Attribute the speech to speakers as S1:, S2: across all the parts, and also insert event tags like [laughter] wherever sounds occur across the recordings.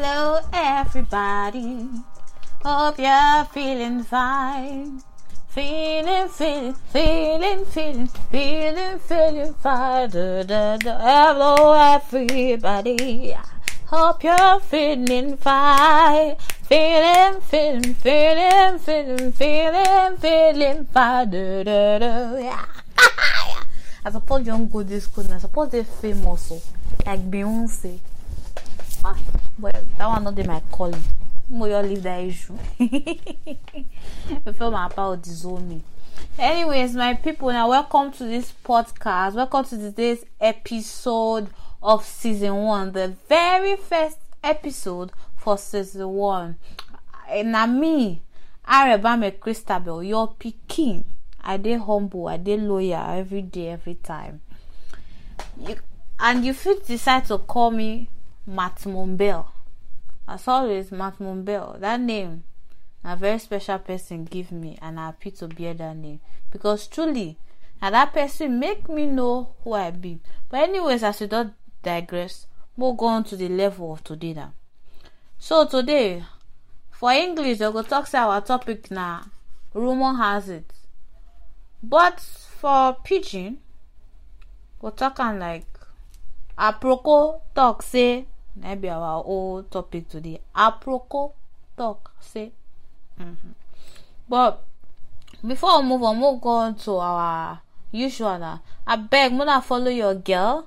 S1: Hello, everybody. Hope you're feeling fine. Feeling, feeling, feeling, feeling, feeling, feeling fine. Da, da, da. Hello, everybody. Hope you're feeling fine. Feeling, feeling, feeling, feeling, feeling, feeling fine. Da, da, da. Yeah. As opposed to good school, as opposed to famous, like Beyoncé. Ah. Well, that one not be my calling. you all leave that issue. Before my power disown me. Anyways, my people, now welcome to this podcast. Welcome to today's episode of season one, the very first episode for season one. Na me, remember Christabel, your picking. I dey humble, I dey loyal every day, every time. You, and you decide to call me Matt Mumbel. As always, Matt Mumbel. That name, a very special person give me, and I happy to bear that name because truly, now that person make me know who I be. But anyways, as we don't digress, we'll go on to the level of today now. So today, for English, I go talk say our topic now. Rumor has it, but for pidgin, we we'll talk on like apropos talk say Maybe be our whole topic today apropos talk say mm -hmm. but before we move on we'll go on to our usual beg, abeg to follow your girl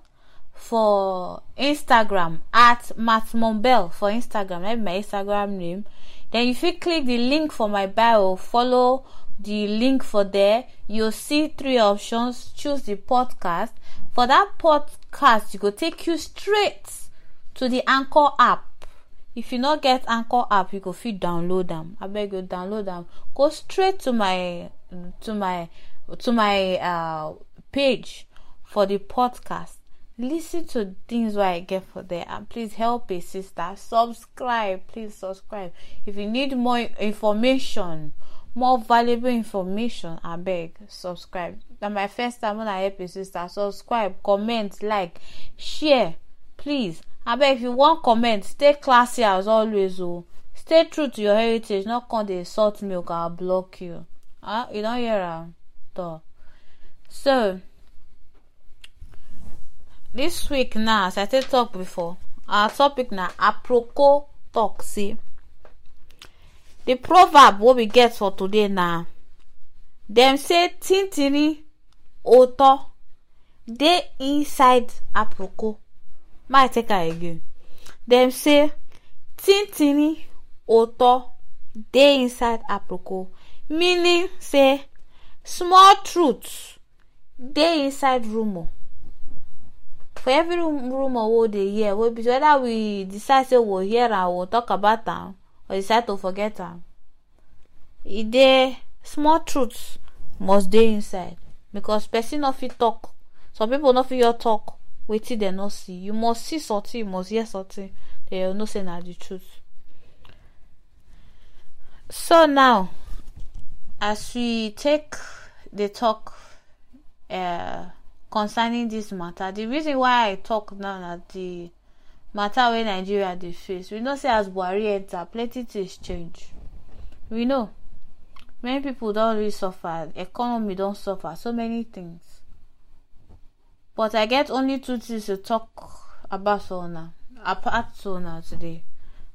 S1: for instagram at matmonbell for instagram That's my instagram name then if you click the link for my bio follow the link for there you'll see three options choose the podcast for that podcast you go take you straight to the anchor app if you no get anchor app you go fit download am abeg you download am go straight to my to my to my uh, page for the podcast listen to things wey i get for there and please help a sister subscribe please subscribe if you need more information more valuable information abeg subscribe na my first time when i help a sister subscribe comment like share please abeg if you wan comment stay classy as always o oh. stay true to your heritage no come dey salt milk oh i block you ah you don hear am toh so this week now as i take talk before our topic na aproko talk see the proverb wey we get for today na dem say tintiri otor dey inside aproko my take her again dem say tintini oto dey inside aproko meaning say small truth dey inside rumour for every rumour wey we dey hear wey be whether we decide say we we'll hear am or talk about am or decide to forget am e dey small truth must dey inside because person no fit talk some people no fit hear talk wetin they no see you must see something you must hear something They go know say na the truth so now as we take the talk uh, concerning this matter the reason why i talk now na the matter where nigeria dey face we know say as buhari enter plenty things change we know many people don't really suffer economy don't suffer so many things but i get only two things to talk about for apart to now today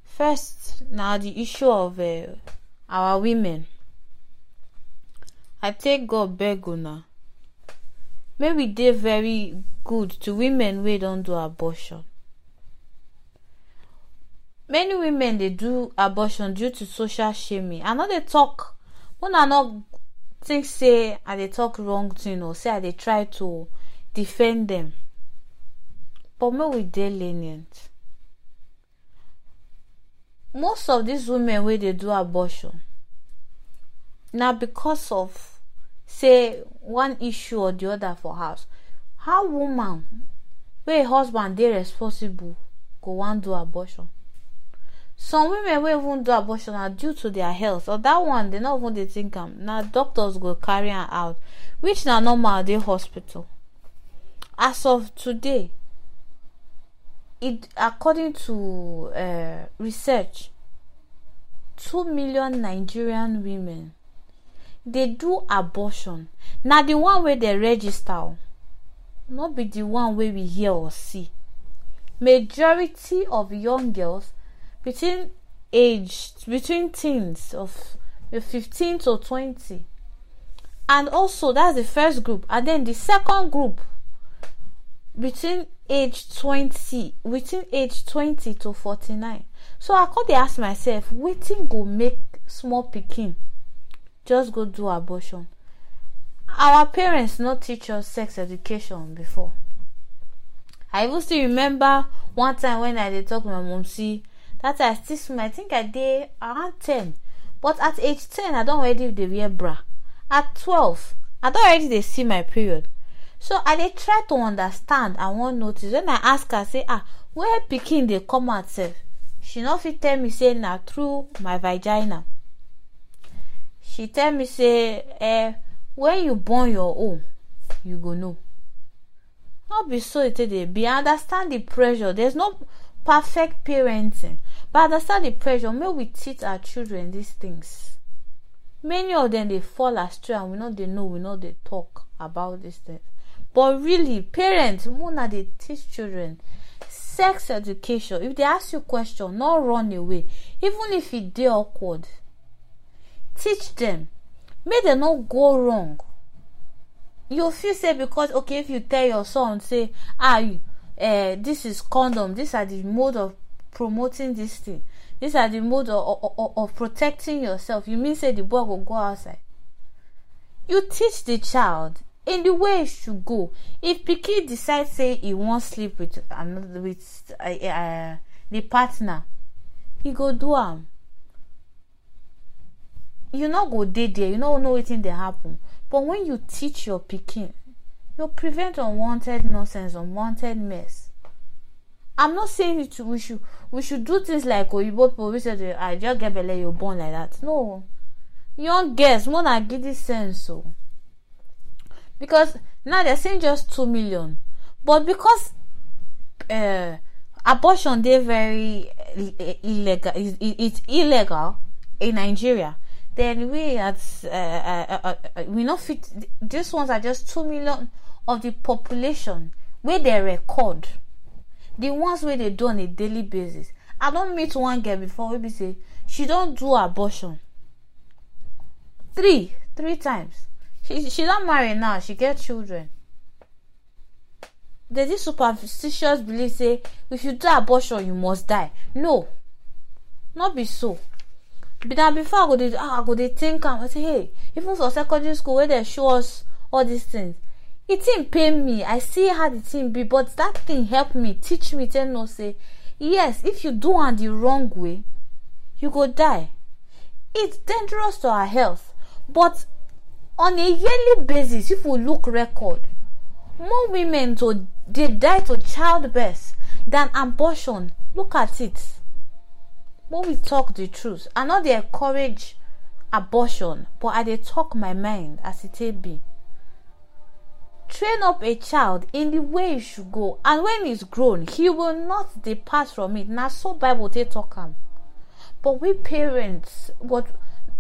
S1: first now the issue of uh, our women i take god beg una May we do very good to women We don't do abortion many women they do abortion due to social shaming i no dey talk una no think say i they talk wrong thing or say i dey try to defend them. but make we dey lenient most of these women where they do abortion now because of say one issue or the other for house how woman wey husband they responsible go wan do abortion some women wey even do abortion are due to their health or that one they not even dey think am na doctors go carry her out which now normal dey hospital as of today it according to uh, research two million nigerian women dey do abortion na the one wey dey register no be the one wey we hear or see majority of young girls between age between teens of eh, fifteen to twenty and also that's the first group and then the second group between age 20 between age 20 to 49 so i come dey ask myself wetin go make small pikin just go do abortion our parents no teach us sex education before i even still remember one time when i dey talk to my mom say that i still small i think i dey around ten but at age ten i don already dey wear bra at twelve i don already dey see my period so i dey try to understand i wan notice when i ask her say ah where pikin dey come out sef she no fit tell me say na through my vagina she tell me say eh when you born your own you go know no be so e dey be i understand the pressure there's no perfect parenting but understand the pressure May we teach our children these things many of them they fall astray and we know they know we know they talk about these things But really, parents, Mona, they teach children sex education. If they ask you question, not run away. Even if it they awkward, teach them. May they not go wrong. You feel say because okay, if you tell your son say, ah, uh, this is condom. These are the mode of promoting this thing. These are the mode of, of, of protecting yourself. You mean say the boy will go outside? You teach the child in the way it should go if pikin decide say he wan sleep with another with uh, uh, the partner he go do am you no go dey there you no know wetin dey happen but when you teach your pikin you prevent unwanted nonsense unwanted mess i'm not saying it we should we should do things like oyibo people wey i ah, just get belle you born like that no young girls more than na this sense o. Oh. So. because now they're saying just 2 million but because uh, abortion they very eh, eh, illegal it's illegal in nigeria then we at uh, uh, we not fit these ones are just 2 million of the population where they record the ones where they do on a daily basis i don't meet one girl before we be say she don't do abortion three three times She she not married now. She get children. There's this superstitious belief say if you do abortion you must die. No, not be so. But now before I go dey ah I go dey think am I say hey even for secondary school where they show us all these things it didn't pain me I see how the thing be but that thing helped me teach me tell no say yes if you do on the wrong way you go die. It's dangerous to our health but on a yearly basis if we look record more women to they die to childbirth than abortion look at it when we talk the truth i know they encourage abortion but i they talk my mind as it take be train up a child in the way he should go and when he's grown he will not depart from it Now so bible they talk him, but we parents what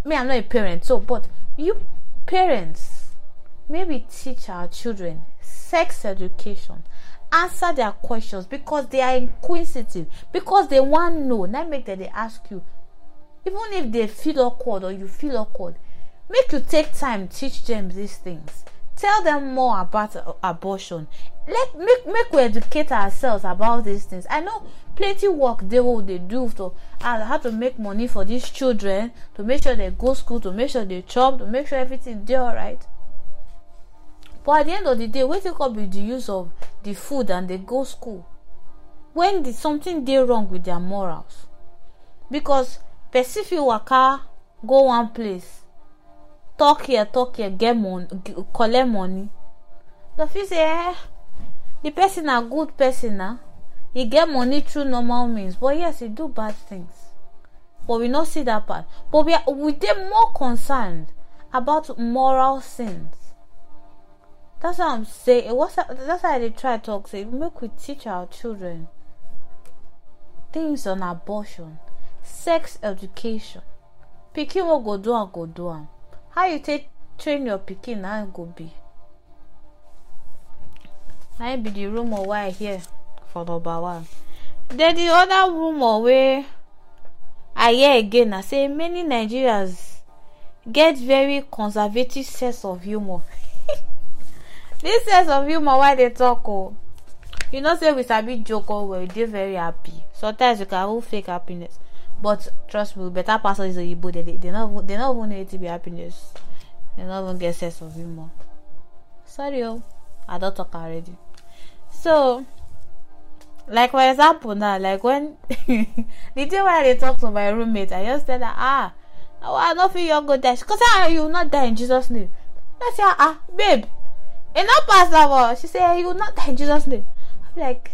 S1: me i'm not a parent so but you Parents, may we teach our children sex education. Answer their questions because they are inquisitive, because they want to know. Not make that they ask you. Even if they feel awkward or you feel awkward, make you take time teach them these things. tell them more about uh, abortion let make make we educate ourselves about these things i know plenty work dey what dey do to uh, how to make money for these children to make sure they go school to make sure they chop to make sure everything dey alright but at the end of the day wetin come be the use of the food and they go school when the, something dey wrong with their morals because person fit waka go one place talk here, talk here, get money, collect money. The few say, eh, the person a good person now. Ah. He get money through normal means, but yes, he do bad things. But we not see that part. But we are we they more concerned about moral sins. That's what I'm saying. What's that's why they try to talk. Say make we teach our children things on abortion, sex education. Picking what go do and go do how you take train your pikin na go be na be the rumour wey i hear for number one then the other rumour wey i hear again na say many nigerians get very conservative sense of humour [laughs] this sense of humour wey i dey talk o oh, you know say we sabi joke well oh, well we dey very happy sometimes we can even fake happiness But trust me, better pastors in Igbo, they, they, they, not, they not even know it to be happiness. They not even get sense of humor. Sorry, oh, I don't talk already. So, like for example now, like when [laughs] the day when I talk to my roommate, I just said that ah, oh, I don't feel you're going to die. She ah, you will not die in Jesus' name. I say, ah, ah babe, it's not possible. She said, you will not die in Jesus' name. I'm like,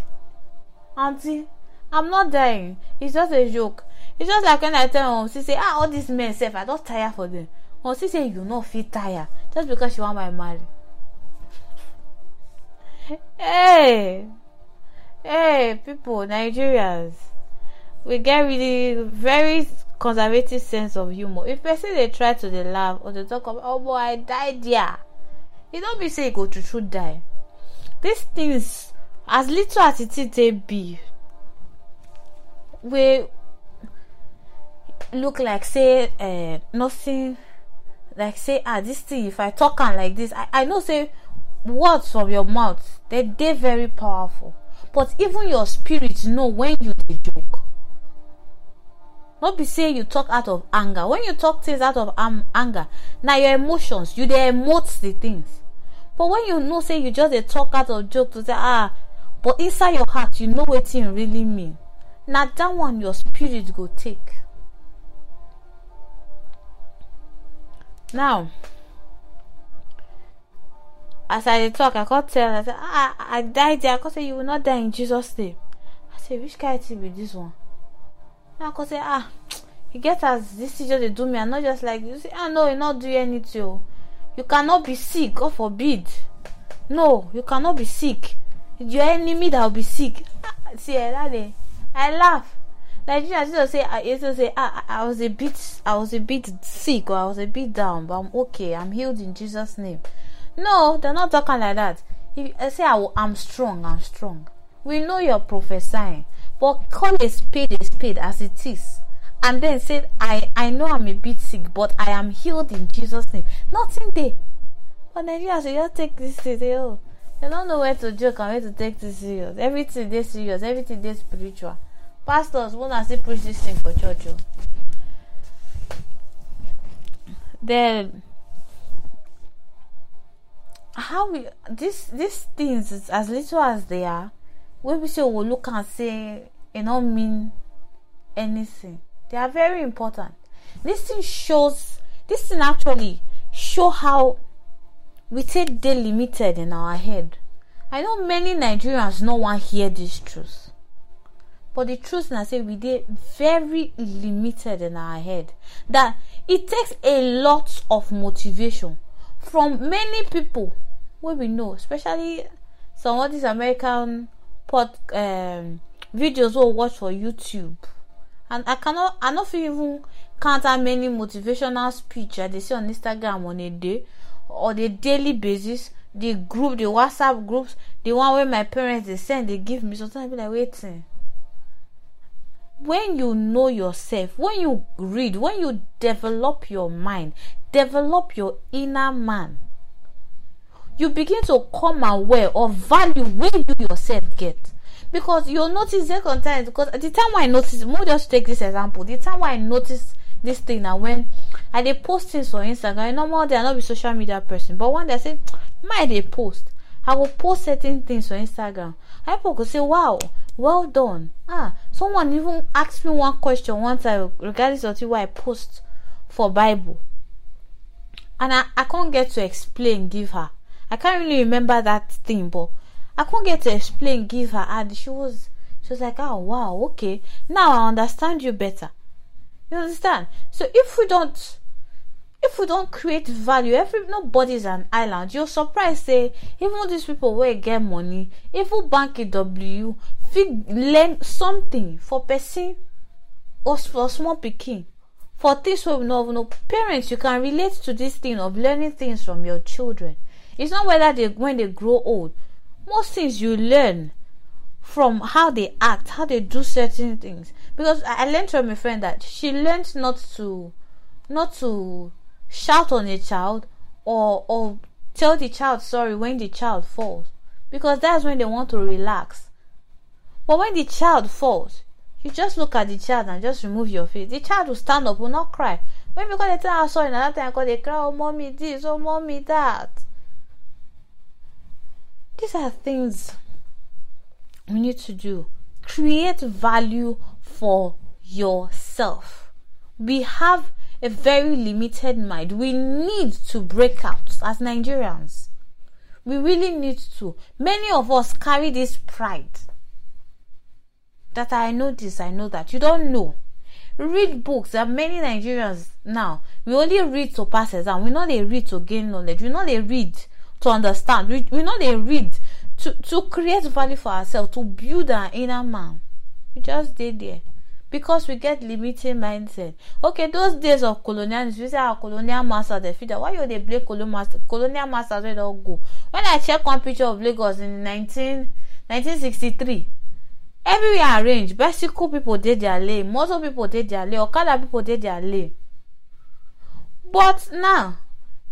S1: auntie, I'm not dying. It's just a joke. It's just like when i tell my mom say ah all these men sef i don tire for them mom see say you no fit tire just because you wan buy marry hey hey people nigerians we get really very conservative sense of humour if person dey try to dey laugh or dey talk about "Oh boy, i die there e no mean say e go true true die these things as little as it take be we look like say uh, nothing like say ah this thing if i talk am like this i i know say words from your mouth dey dey very powerful but even your spirit know when you dey joke no be say you talk out of anger when you talk things out of um, anger na your emotions you dey emote the things but when you know say you just dey talk out of joke to say ah but inside your heart you know wetin you e really mean na that one your spirit go take. now as i dey talk i come tell am say ah, ah, ah i die there i come say you will not die in jesus name i say which kind thing be this one i come say ah you get as this thing just dey do me i no just like you say ah no you no do anything o oh. you cannot be sick god forbid no you cannot be sick your enemy that will be sick ah, see i laugh Nigerians just say I used to say I, I was a bit I was a bit sick or I was a bit down, but I'm okay. I'm healed in Jesus' name. No, they're not talking like that. If I say I, am strong, I'm strong. We know you're prophesying, but call a spade a spade as it is, and then say I I know I'm a bit sick, but I am healed in Jesus' name. Nothing there. But Nigerians, you just take this today. Oh, you don't know where to joke and where to take this serious. Everything is serious. Everything is spiritual. Pastors, will not see preach this thing for church. Oh. Then how we these things as little as they are, when we say will look and say it don't mean anything. They are very important. This thing shows this thing actually show how we take the limited in our head. I know many Nigerians no one hear this truth. but the truth na say we dey very limited in our head that it takes a lot of motivation from many people wey we know especially some of these american pod um, videos we watch for youtube and i cannot i no even count how many motivational speech i see on instagram on a day or the daily basis the group the whatsapp groups the one where my parents they send they give me sometimes i be like wetin when you know yourself, when you read, when you develop your mind, develop your inner man, you begin to come aware of value where you yourself get. Because you'll notice second time, because at the time I noticed, we'll just take this example. The time I noticed this thing now when I they post things for Instagram, I normal they are not a social media person, but one day I say, my hmm, they post. I will post certain things on Instagram. I people could say, wow, well done. Ah, someone even asked me one question once. I uh, regarding of what I post for Bible. And I, I can't get to explain, give her. I can't really remember that thing, but I can't get to explain, give her. And she was she was like, Oh wow, okay. Now I understand you better. You understand? So if we don't if we don't create value every nobody's an island you're surprised say eh? even these people will get money even bank w fit learn something for person or for small picking. for things we know, no parents you can relate to this thing of learning things from your children it's not whether they when they grow old most things you learn from how they act how they do certain things because i, I learned from a friend that she learned not to not to shout on the child or or tell the child sorry when the child falls because that's when they want to relax but when the child falls you just look at the child and just remove your face the child will stand up will not cry when because they tell her ah, sorry another time call they cry oh mommy this oh mommy that these are things we need to do create value for yourself we have a very limited mind. We need to break out as Nigerians. We really need to. Many of us carry this pride that I know this, I know that. You don't know. Read books. There are many Nigerians now. We only read to pass exam. We know they read to gain knowledge. We know they read to understand. We, we know they read to, to create value for ourselves, to build our inner man. We just did there because we get limiting mindset okay those days of colonialism we say our ah, colonial masters dey feed us why you dey blame colonial masters colonial masters wey don go when i check one picture of lagos in 19 1963 everywhere arrange bicycle people dey their lane motor people dey their lane okada people dey their lane but now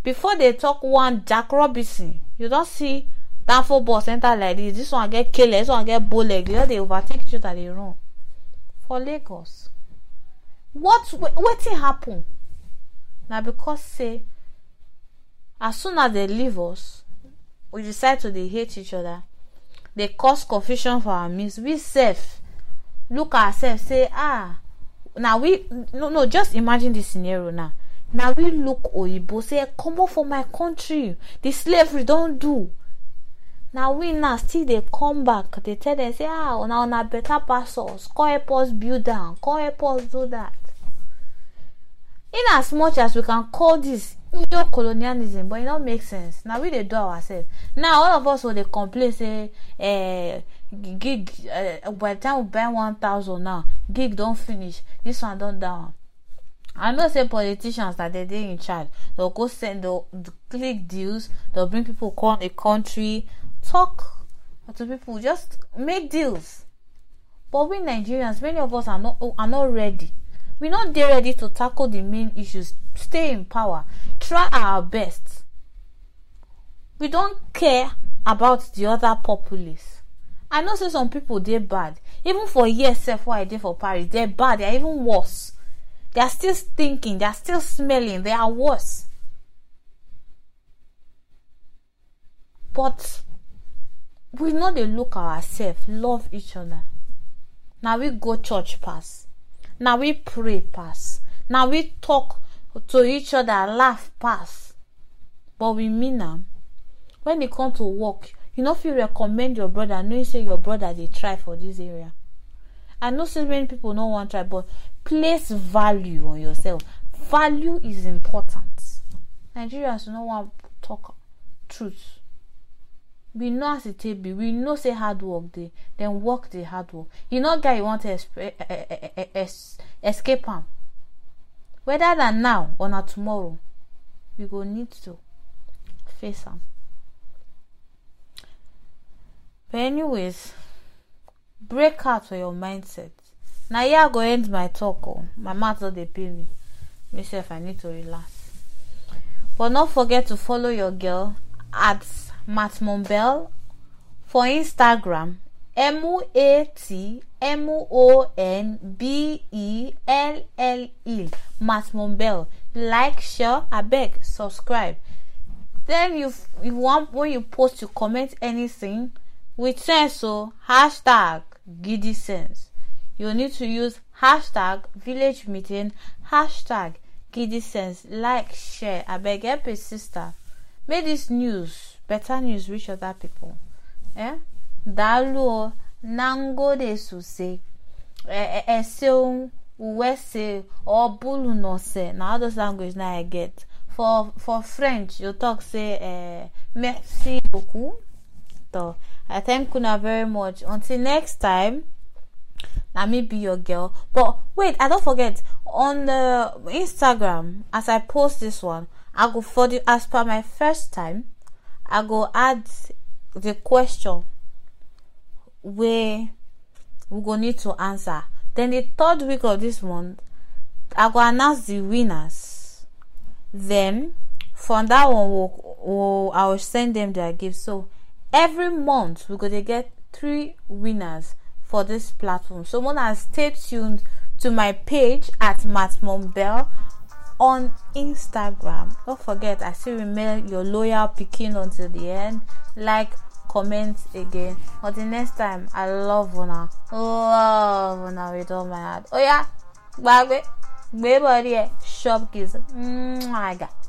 S1: before they talk one jack robinson you don see danfo bus enter like this this one get kele this one get bow leg you know they overtake each other dey run for lagos what wetin happen na because say as soon as they leave us we decide to dey hate each other dey cause confusion for our midst we sef look ourselves say ah na we no no just imagine this scenario now na we look oyibo say comot for my country the slavery don do na we now still dey come back dey tell dem say ah una una better pass us come help us build am come help us do that in as much as we can call this neo-colonialism but e no make sense na we dey do ourselves now all of us go dey complain say eh, gig uh, by the time we buy one thousand now gig don finish this one don down." one i know say politicians na dey dey in charge dey go send dey click deals dey bring people come the country talk to people, just make deals. But we Nigerians, many of us are not are not ready. We not there ready to tackle the main issues. Stay in power. Try our best. We don't care about the other populace. I know say some people they bad. Even for years, self why they for Paris, they're bad. They are even worse. They are still stinking. They are still smelling. They are worse. But we know they look ourselves love each other Now we go church pass Now we pray pass Now we talk to each other laugh pass but we mean am when e come to work you if you recommend your brother knowing say your brother they try for this area i know so many people no wan try but place value on yourself value is important nigerians no one talk truth we know as e take be we know say hard work dey then work the hard work You know, get you want to eh, eh, eh, escape am whether na now or na tomorrow we go need to face am but anyways break out for your mindset na here i go end my talk o oh. my mouth don dey pain me me sef i need to relax but no forget to follow your girl at Matt Monbel for Instagram m-o-a-t-m-o-n-b-e-l-l-e Matt Monbel like share I beg, subscribe then you you want when you post you comment anything with sense o hashtag gidi sense you need to use hashtag village meeting hashtag gidi sense like share abeg help a sister make this news better news reach other people. Eh? Daluo nangode suse. Eseun eh, eh, eh, uwese obulu no se. Now other those language now I get. For for French, you talk say eh, merci beaucoup. So I thank Kuna very much. Until next time. Let me be your girl. But wait, I don't forget on the Instagram as I post this one, I go for the as per my first time. I go add the question wey we go need to answer. Then the third week of this month, I go announce the winners. Then from that one, we'll, we'll, I will send them their gift. So every month we go to get three winners for this platform. So, wanna stay tuned to my page at Matt Bell. on Instagram. Don't forget, I still remain your loyal picking until the end. Like, comment again. Until next time, I love Una. Love Una with all my heart. Oh, yeah. Bye, bye. Bye, body. Shop kiss. Mwah.